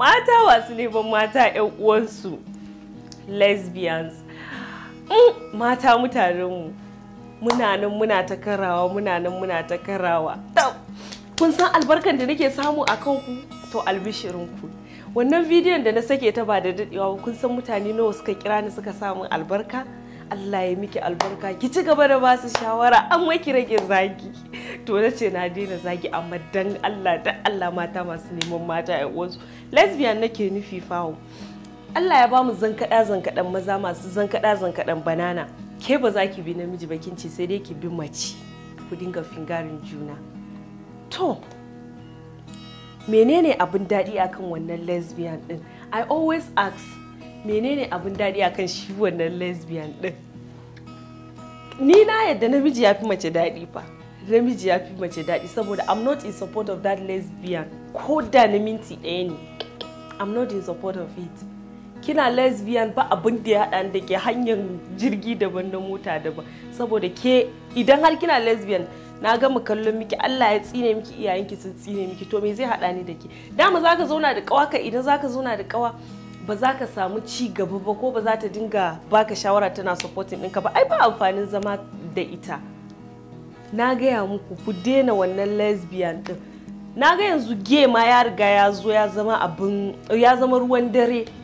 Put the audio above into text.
mata wasu neman mata 'yan uwansu lesbians mata mutanenmu muna muna ta karawa muna muna ta karawa kun san albarkan da nake samu a kanku to albishirinku wannan bidiyon da na sake ta ba da daɗewa kun san mutane nawa suka kira ni suka samun albarka Allah ya miki albarka ki ci gaba da ba su shawara an maki rage zagi to na ce na daina zagi amma dan Allah da Allah mata masu neman mata ya wasu lesbian nake nufi fawo Allah ya bamu zankaɗa zankadan maza masu zankaɗa zankaɗan banana ke ba za ki bi namiji ba kin ce sai dai ki bi mace ku dinga fingarin juna to menene abin daɗi akan wannan lesbian din i always ask menene abin daɗi akan shi wannan lesbian ɗin ni na yadda namiji ya fi mace daɗi fa namiji ya fi mace daɗi saboda i'm not in support of that lesbian ko da na minti ɗaya ne i'm not in support of it kina lesbian ba abin da ya haɗa da ke hanyar jirgi daban na mota daban saboda ke idan har kina lesbian na gama kallon miki Allah ya tsine miki iyayenki sun tsine miki to me zai haɗa ni da ke dama zaka zauna da kawa ka idan zaka zauna da kawa ba za ka samu ci gaba ba ko ba za ta dinga baka shawara tana supporting ɗinka ba ai ba amfanin zama da ita na gaya muku ku daina wannan lesbian ɗin na ga yanzu gay ma ya riga ya zo ya zama abin ya zama ruwan dare